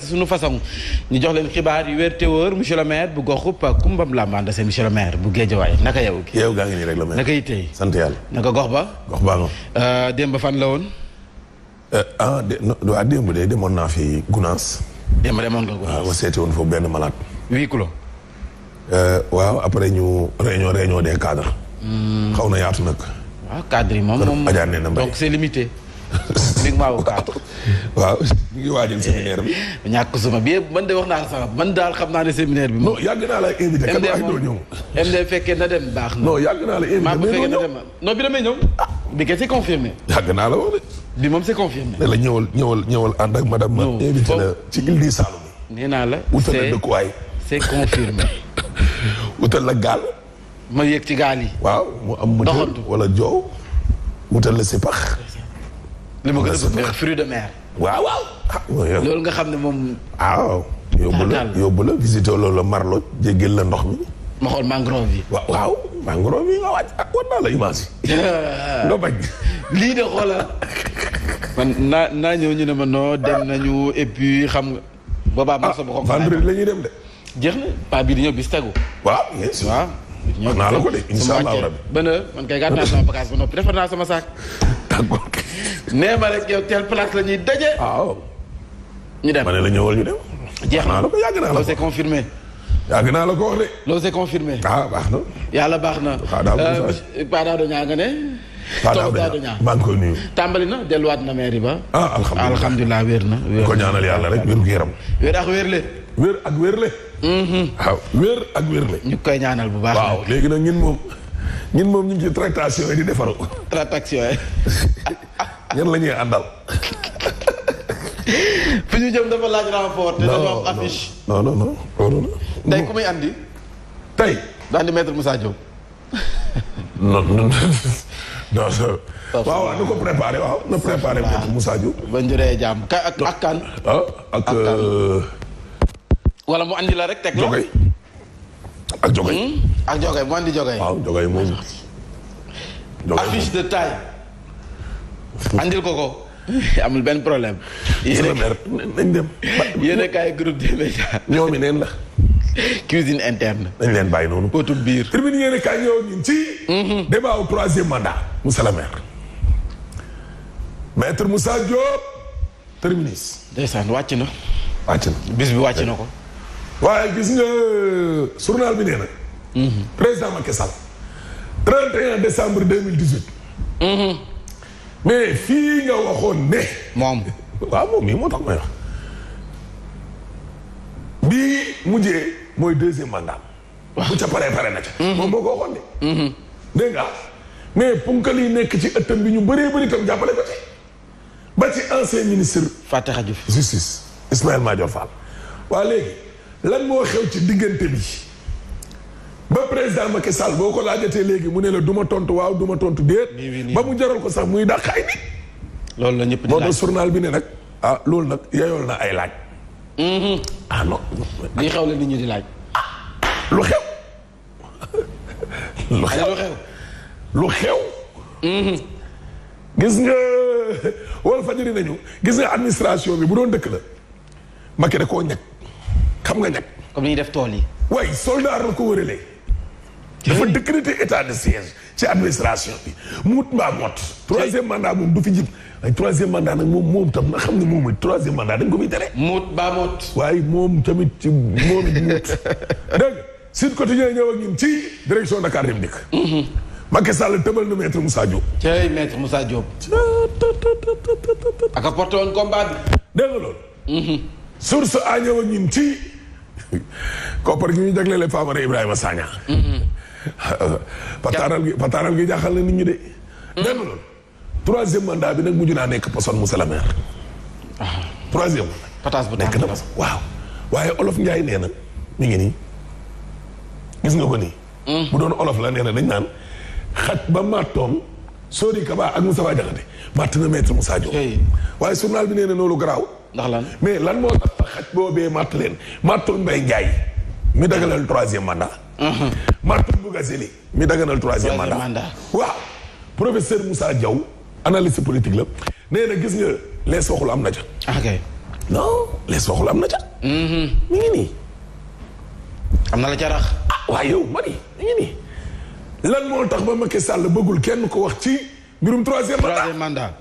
ci suñu façon ñu jox leen xibaar yu wér te wóor maire bu goxub Kumbam Lambane seen monsieur maire bu Géejawaay naka yow. yow gaa ngi nii rek la maire yi tey. sant yàlla naka gox ba. gox baa nga. Euh, démb fan la woon. Euh, ah waa démb de demoon naa fi Gunaas. démb demoon nga Gunaas waaw benn malade. huis clos. Euh, waaw après ñu réunion réunion des cadres. Hmm. xaw na yaatu nag. waaw ah, cadres yi moom moom donc c'est limité. mi ngi waaw mi ngi waajal séminaire bi. Eh, ñàkk suma bi man de wax naa la sax man daal xam naa ne séminaire bi. non yàgg naa la invité kan waaye baax na. non naa la na dem non bi damay ñëw. Ah. bi kay c'est confirmé. yàgg naa la woon bi moom c'est confirmé. ne la ñëwal ñëwal ñëwal ànd ak madame. ma invité la ci île di Saloum. nee naa la wutal la dëkkuwaay. c'est confirmé. wutal la gaal. ma yëg ci gaal yi. waaw mu am moteur wala joow wutal la sipax li ma gën ah, loolu nga xam ne moom. ah waaw. yóbbu la yóbbu la visité loolu la yi. waaw waaw mangrove ah, lii de xoolal. man naa naa ñëw ñu ne ma noo dem nañu et xam nga. boobaa man ah, sama a vendredi la ñuy dem bis tegu. waaw bien sûr ko de incha allah ba naa sama bagage ba noppi defar naa sama saak. d'accord. nee ma rek yow telle place la ñuy daje. waaw. ñu dem ma ne la ñëwal ñu dem. jeex na ko yàgg naa la ko c'est confirmé. yàgg naa la ko wax de. loolu c'est confirmé. ah baax na. yàlla baax na. Euh, Paada Doña nga ne. Paada Doña maa ngi koy nuyu. tàmbali na delluwaat na mairie ba. ah alhamdulilah alhamdulilah wér na. ko ñaanal yàlla rek wér gu yaram. wér ak wér le. wér ak wér le. Mm-hmm. waaw wér ak wér le. ñu koy ñaanal bu baax. waaw léegi nag ñun moom ñun moom ñu ngi ci tractation yi di defaru. tractation yi. ñan la ñuy àndal fi ñu jëm dafa laaj rapport te dañu am affiche non non non non non tey ku muy andi tey daal di maître Moussa Diop non non non waaw waaw na ko préparé waaw na préparé maître Moussa Diop ba njuree jaam ka ak ak kan ah ak kan? Euh, wala mu andi la rek teg la jogay ak jogay hmm? ak jogay mu andi jogay waaw jogay moom affiche de taille andil ko ko amul benn problème. yéen nañ dem. yéen a kaay groupe des médias. ñoom yi neen la. cuisine interne. dañ leen bàyyi noonu. potum biir. tribune yéen a kaay ñëw ñun ci. Mhm. débat au troisième mandat. Moussa la maire. maître Moussa Diop. terminus. ndeysaan wàcc na. wàcc na bi wàcc na ko. waaye nga euh, journal bi nee na. Mhm. président mais fii nga waxoon ne. moom waaw moom mii moo tax may wax. bii mujjee mooy deuxième mandat. waaw bu ca paree pare na ca. Mhm. moom moo ko waxoon de. Mhm. nga mais punkal yi nekk ci ëttam bi ñu bëree bëri itam jàppale ko ci. ba ci ancien ministre. Fataha Diouf justice Ismaël Madior Fall. waa léegi lan moo xew ci diggante bi. ba président Macky Sall boo ko laajatee léegi mu ne la duma tontu waaw du ma tontu déet. ba mu jaral ko sax muy dàq ay nit. loolu la ñëpp moo tax journal bi ne nag ah loolu nag yeyool na ay laaj. Mm-hmm. ah non. li xew nit ñi di laaj. Ah, lu xew. lu xew lu mm-hmm. xew. gis nga Walf Fadjri nañu gis nga administration bi bu doon dëkk la Macky da koo ñag xam nga ñag. comme ni def tool yi. waaye soldat la ko wëralee. dafa décréter état de siège ci administration bi mu wut mbaa mot troisième moom du fi jib ay troisième mandat nag moom moom tam na xam ne moom it troisième mandat dañ ko fi tere muut baa mot waaye moom tamit ci moom it muut dégg Sud Quotidien ñëw ak ñun ci direction Dakar Dem Dikk mm-hmm. Macky Sall tëbal na maître Moussa Diop tey maître Moussa Diop aka porté woon combat bi dégg mm-hmm. source a ñëw ak ñun ci koppar gi ñu jagleel Famara Ibrahima Sagna mm-hmm. pataaral gi pataaral gi jaaxal na nit ñi de. dégg loolu troisième mandat bi nag mujj naa nekk poson monsieur le maire. troisième. pataas bu nekk na waaw. waaye olof Ndiaye nee na mi ngi nii gis nga ko nii. Hmm. bu doon olof la nee na dañ naan xaj ba mattoom Sori Kaba ak Moustapha Diakhaté matt na maître Moussa Diop. waaye journal bi nee na loolu garaaw. ndax lan mais lan moo tax xaj boobee matt leen mattoon Mbaye Ndiaye mi dagalal troisième mandat. Mm-hmm. Martin Bougazeli mi daganal troisième mandat waaw professeur Moussa Diaw analyste politique la nee na gis nga lees waxul am na ca ok ah, non lees waxul am na ca mm-hmm. mi am na la ca rax ah waaye yow lan moo tax ba Macky Sall bëggul kenn ko wax ci mbirum troisième mandat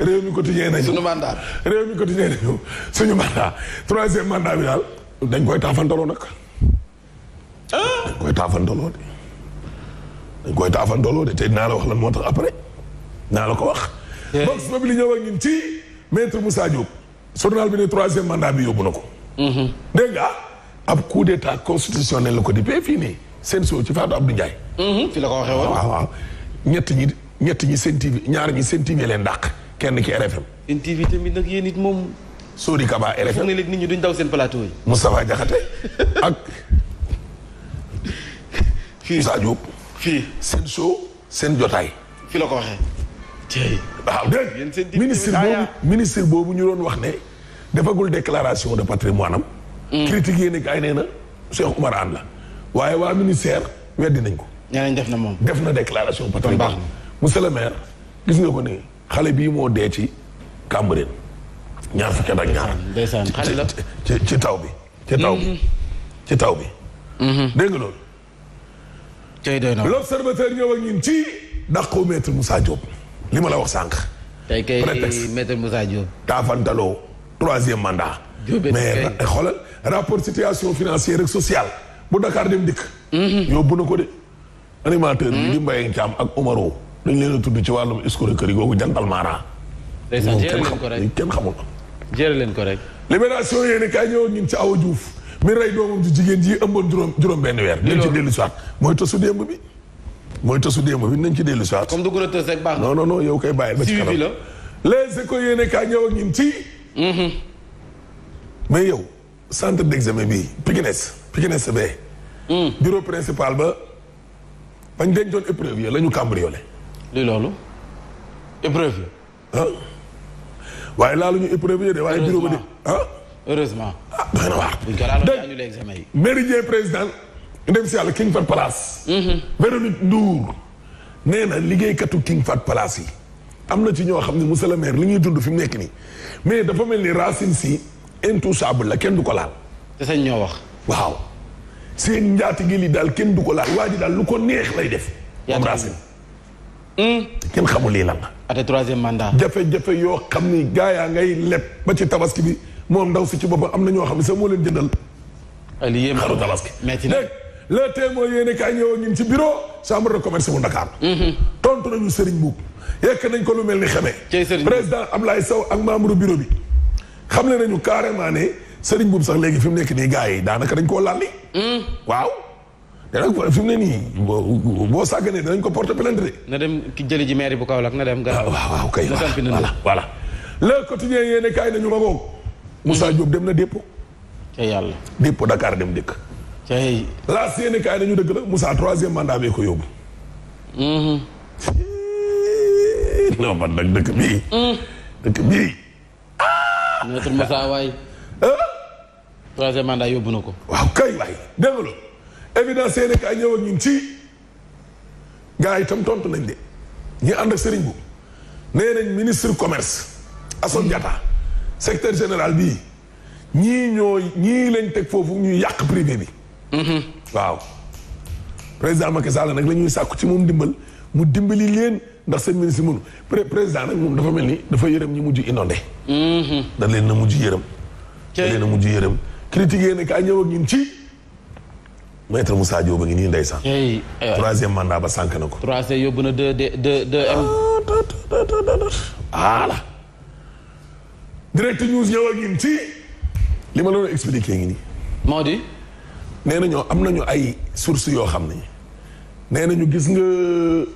réew mi quotidien nañu suñu mandat réew mi quotidien nañu suñu mandat troisième mandat bi daal dañ koy taafandaloo nak ah! dañ koy taafandaloo de dañ koy taafandaloo de té naa la wax lan motax après naa la ko wax box eh. boobu li ñëw ak ñin ci maître Moussa Diop journal bi né troisième mandat bi yóbbu na hmm dégg nga ab coup d'état constitutionnel ko di pé fii nii seen ci Fatou Abdou Ndiaye mm-hmm. fi la ko waxé won ñet ñi ñet ñi seen ñaar ñi seen len leen kenn ki RFM. seen TV tamit nag yéen it moom. Sori Kaba RFM foog ne léegi nit ñi duñ daw seen plateau yi. Moustapha ak. fii Moussa Diop. fii seen show seen jotaay. fi la ko waxee. tey waaw dégg ministre boobu ministre boobu ñu doon wax ne. defagul déclaration de patrimoine am. Mm. critique yéen ak ay nee na Cheikh Oumar Anne la. waaye waa ministère weddi nañ ko. ñeneen def na moom def na déclaration patrimoine. monsieur le gis nga ko nii. xale bii moo dee ci Cambérène ñaar fukki at ak ñaar. Mm-hmm. ndeysaan xale la ci taw bi. ci taw bi mm-hmm. ci taw bi. Mm-hmm. dégg nga loolu. tey doy na l'observateur ñëw ak ci. dàqoo maître Moussa Diop. li ma la wax sànq. tey kay maître Moussa Diop. taafantaloo troisième mandat. mais xoolal rapport situation financier rek sociale bu Dakar dem dikk. yóbbu na ko de. animateur bi di ak Omaro. dañ leen a tudd ci wàllum escroquerie googu jantal maara. ndeysaan kenn xamul jërë leen ko rek. libération yéen kaay ñëwoon ñun ci Awa Diouf mi rey doomam ci jigéen ji ëmboon juróom juróom benn weer. dinañ ci dellu soit mooy tasu démb bi. mooy tasu démb bi nañ ci dellu soit. comme dugg na tës rek baax non non non yow koy bàyyi ba ci kanam la. les écoles yéen kaay ñëw ak ñun ci. Mm-hmm. mais yow centre d' examen bi Pikines Pikines bee. Mm. bureau principal ba bañ dencoon épreuve ya la ñu cambriolé. lii loolu épreuve la. waaye laalu ñu épreuve de waaye bureau ba de ah. heureusement ah doy na waar. buñ ko laaloon annulé examen président ndem si yàlla King Fat Palace. Mhm. Véronique Ndour nee na liggéeykatu King Fat Palace yi. am na ci ñoo xam ne monsieur le maire li ñuy dund fi mu nekk nii mais dafa mel ni racine si intouchable la kenn du ko laal. te ñoo wax. waaw seen njaatige li daal kenn du ko laal waa ji daal lu ko neex lay def. moom racine. kenn xamul lii lan la. ate troisième mandat. jafe-jafe yoo xam ni gaa yaa ngay leb ba ci tabaski bi moom ndaw si ci boppam am na ñoo xam ne sax moo leen jëndal. li yéen xaru tabaski. métti na le témoin a kaay ñëwoon ñun ci bureau chambre de commerce bu Dakar. Mhm. tontu nañu Serigne Mboup yekk nañ ko lu mel ni xamee. président Ablaye Sow ak membre bureau bi. xam le nañu carrément ne Serigne Mboup sax léegi fi mu nekk nii gaa yi daanaka dañ koo lalli. Mhm. waaw. te nag fi ne nii boo boo sàgganee danañ ko porte plainte de. na dem ki jëli ji maire bu Kaolack na dem. gannaaw waaw waaw kay voilà voilà. le quotidien yéen a kaay nañu ma ngoog. Moussa dem na dépôt. ca dem dëkk. ca yéen. laas a kaay nañu dëgg la Moussa troisième mandat bee ko yóbbu. Mm-hmm. non man nag dëkk bii. Mm. dëkk bii. waay. troisième mandat yóbbu na ko. waaw kay waay dégg évidence yéen a ñëw ak ñun ci gars yi tam tontu nañ de ñu ànd ak sëriñ bu nee nañ ministre commerce Assome Diatta secteur général bii ñii ñoo ñii lañ teg foofu ñuy yàq privé bi mhm. waaw président Macky Sall nag la ñuy sàkku ci moom dimbal mu dimbali leen ndax seen ministre mënu président nag moom dafa mel ni dafa yërëm ñi mujj inondé mhm. da leen na mujj yërëm da leen na mujj yërëm critiqué ne kaa ñëw ak ñun ci maître Moussa Diop ba ngi nii sax eh, eh. troisième mandat ba sànq na ko. troisième yóbbu na deux deux deux deux M. voilà. direct news ñëw ak ñun ci li ma loolu expliqué ngi nii. moo di. nee nañu am nañu ay sources yoo xam ne nee nañu gis nga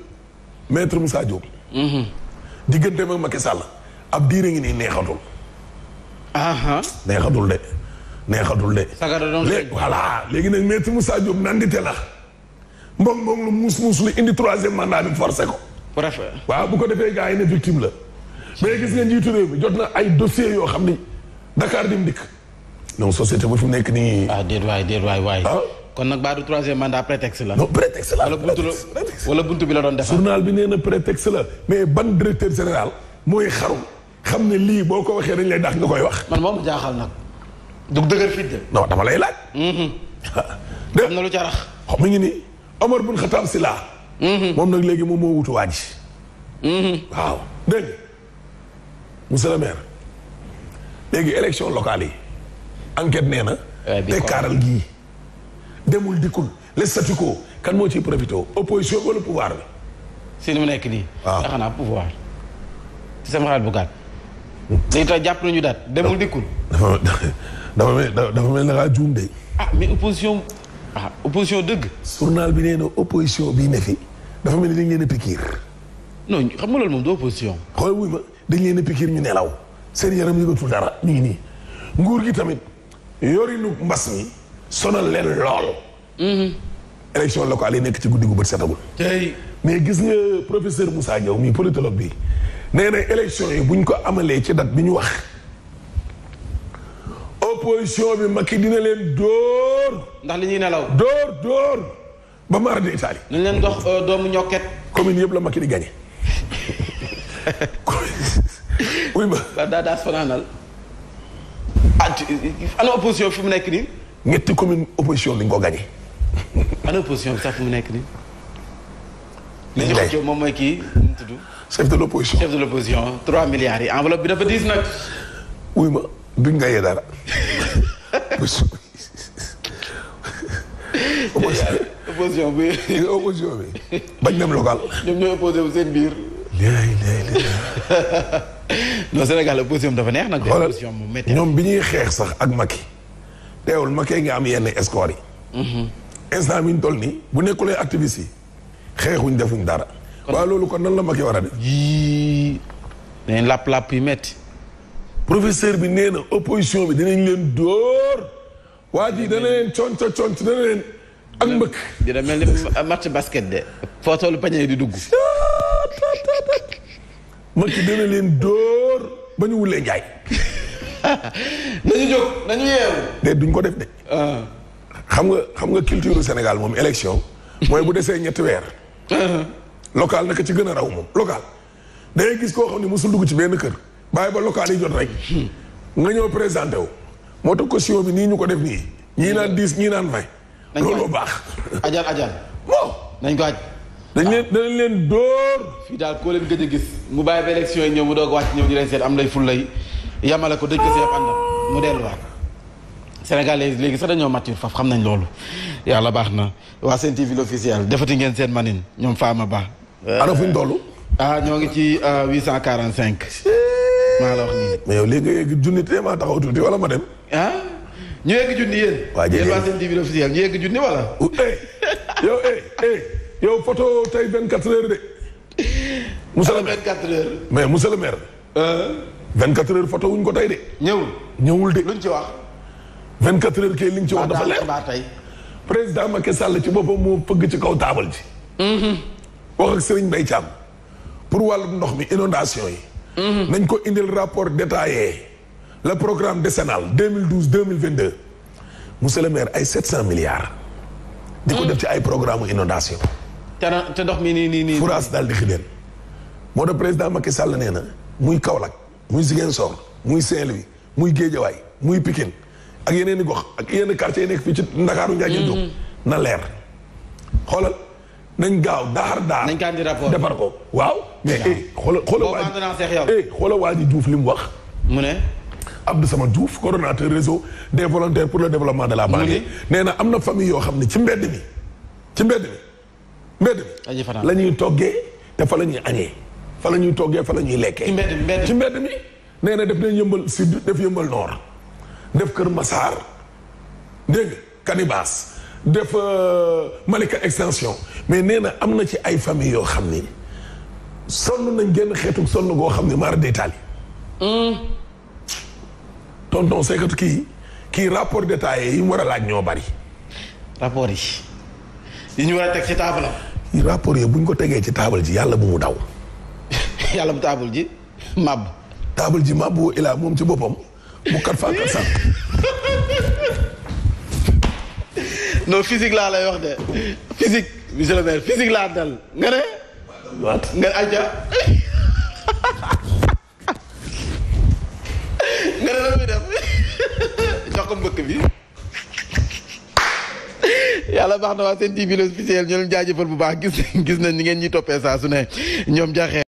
maître Moussa Diop. Mm-hmm. diggante ma Macky Sall ab diir ngi nii neexatul. neexatul de. neexatul de. léegi voilà léegi nag maître Moussa Diop nandite la mbong mbong lu muus muus lu indi troisième mandat bi forcé ko. préfet waaw bu ko defee gars yi ne victime la. mais gis nga njiitu réew jot na ay dossier yoo xam ni Dakar Dem Dikk non société bu fi mu nekk nii. ah déet waay déet waay waay. Ah. kon nag baa du troisième mandat prétexte la. non prétexte la wala bi la doon defar. journal bi nee na prétexte la mais ban directeur général mooy xaru xam ne lii boo ko waxee dañ dax nga koy wax. man moom jaaxal nag. du dëgër fit de. non dama lay laaj. Mm-hmm. dégg na lu ca rax. xaw ma ngi ni Omar bun Xataab si laa. Mm-hmm. moom nag léegi moom moo wutu waa ji. Mm-hmm. waaw dégg nga monsieur le maire léegi élection locale yi enquête nee na. Eh, te kaaral gii demul dikkul le statu kan moo ciy profité opposition wala pouvoir bi. si ni mu nekk nii. waaw tax naa pouvoir. ci sama xalaat bu gàtt. day hmm. tax jàpp nañu daat demul dikkul. dafa mel dafa mel ne daa juum de. ah mais opposition ah opposition dëgg. journal bi nee na opposition bii ne dafa mel ni dañ leen a pikiir. non xam nga lool moom du opposition. xool dañ leen a pikiir ñu nelaw seen yaram yëgatul dara ñu ngi nii nguur gi tamit yorinu mbas mi sonal leen lool. Mhm. élection locale yi nekk ci guddi gu bët setagul. tey mais gis nga professeur Moussa Diaw mii politologue bi nee na élection yi buñ ko amalee ci date bi ñu wax. opposition bi Macky dina len dor ndax li nelaw. dor dor ba de Italie. len dox euh, doomu ñoket commune yeb la Macky di oui ma. Ah, ana opposition mu commune opposition ana opposition bi sax mu nek ni li ñu chef de l'opposition. chef de l'opposition. 3 milliards enveloppe bi dafa oui ma. duñ gañe dara. opposition bi. opposition bi bañ dem local. ñoom Sénégal opposition dafa neex nag. opposition mu métti ñoom bi ñuy xeex sax ak Macky. teewul Macky nga am yenn escort yi. Mhm. instant bi ñu toll nii. bu nekkulee activiste yi. xeexuñ defuñ dara. waaw loolu kon la Macky war a def. yii. dañ lapp yi métti. professeur bi nee na opposition bi dinañ leen dóor waa ji dana leen conco conco dana leen ak mbëkk dina mel ni match basket de foo toll pañe di dugg Macky dana leen dóor ba ñu wulee jaay nañu jóg nañu yeewu de duñ ko def de ah. xam nga xam nga culture Sénégal moom élection mooy bu desee ñetti weer ah. local naka ci gën a raw moom local dangay gis koo xam ne mosul dugg ci benn kër bàyyi ba local yi jot rek. nga ñëw présenté wu. moo tax caution bi nii ñu ko def nii. ñii naan dix ñii naan vingt. nañ ko looloo baax. ajal ajal. bon nañ ko dañ leen dañ leen dóor. fii daal koo leen gëj a gis mu bàyyi ba élection yi ñëw mu doog wàcc ñëw ñu leen seet am lay fulla yi yamale ko dëj ko see àndam mu léegi sax dañoo mature faf xam nañ loolu. yàlla baax na waa seen TV l'officiel defati ngeen seen manin ñoom Fama Ba. ana ñu toll. ah ñoo ngi ci euh, cinq maa la wax nii. mais yow léegi yegg junni te maa taxaw tuuti wala ma dem. ah ñu yegg junni yéen. Eh, eh, eh yow photo tey 24 heures de. monsieur le ah, maire 24 heures. mais monsieur le maire. 24 euh? heures photo wuñ ko tey de. ñëwul ñëwul de luñ ci wax. 24 heures kay li nga ci wax dafa leer président Macky Sall ci boppam moo Mm-hmm. nañ ko indil rapport détaillé le programme décennal 2012 2022 monsieur le maire ay 700 milliards. di ko mm-hmm. def ci ay programme inondation te ndox mi nii nii nii. forage daal di xideen moo tax président Macky Sall nee na muy Kaolack muy Ziguinchor muy Saint-Louis muy Guédiawaay muy Pikine ak yeneen i gox ak yenn quartier yi nekk fii ci Ndakaaru Ndiaye Diop. Mm-hmm. na leer xoolal nañ gaaw daar daar. nañ defar ko waaw. mais hé, eh, eh, Diouf Abdou réseau des volontaires pour le développement de la banlieue. Néna, amna famille ci mbedd bi. ci mbedd bi. mbedd bi. Lañuy toggé fa lañuy fa lañuy toggé fa lañuy ci nord def Kër Massar dégg Kanibas euh, Malika extension mais néna amna famille sonn nañ génn xeetu sonn goo xam ne maar détail yi hmm. tonton Seydou kii kii rapport détaillé yi mu war a laaj ñoo bari. rapport yi. yi ñu war a teg ci table am. rapport yi bu ñu ko tegee ci table ji yàlla bu mu daw. yàlla bu table ji mab. table ji mabbu ilaa moom ci boppam bu kat faa kat sant. non laa lay wax de physique monsieur le maire physique laa dal waat nga aja nga ne la muy def jox ko mbëkk bi yàlla baax na waa seen TV l'officiel ñoo leen jaajëfal bu baax gis gis nañ ni ngeen ñuy toppee saa su ne ñoom jaxe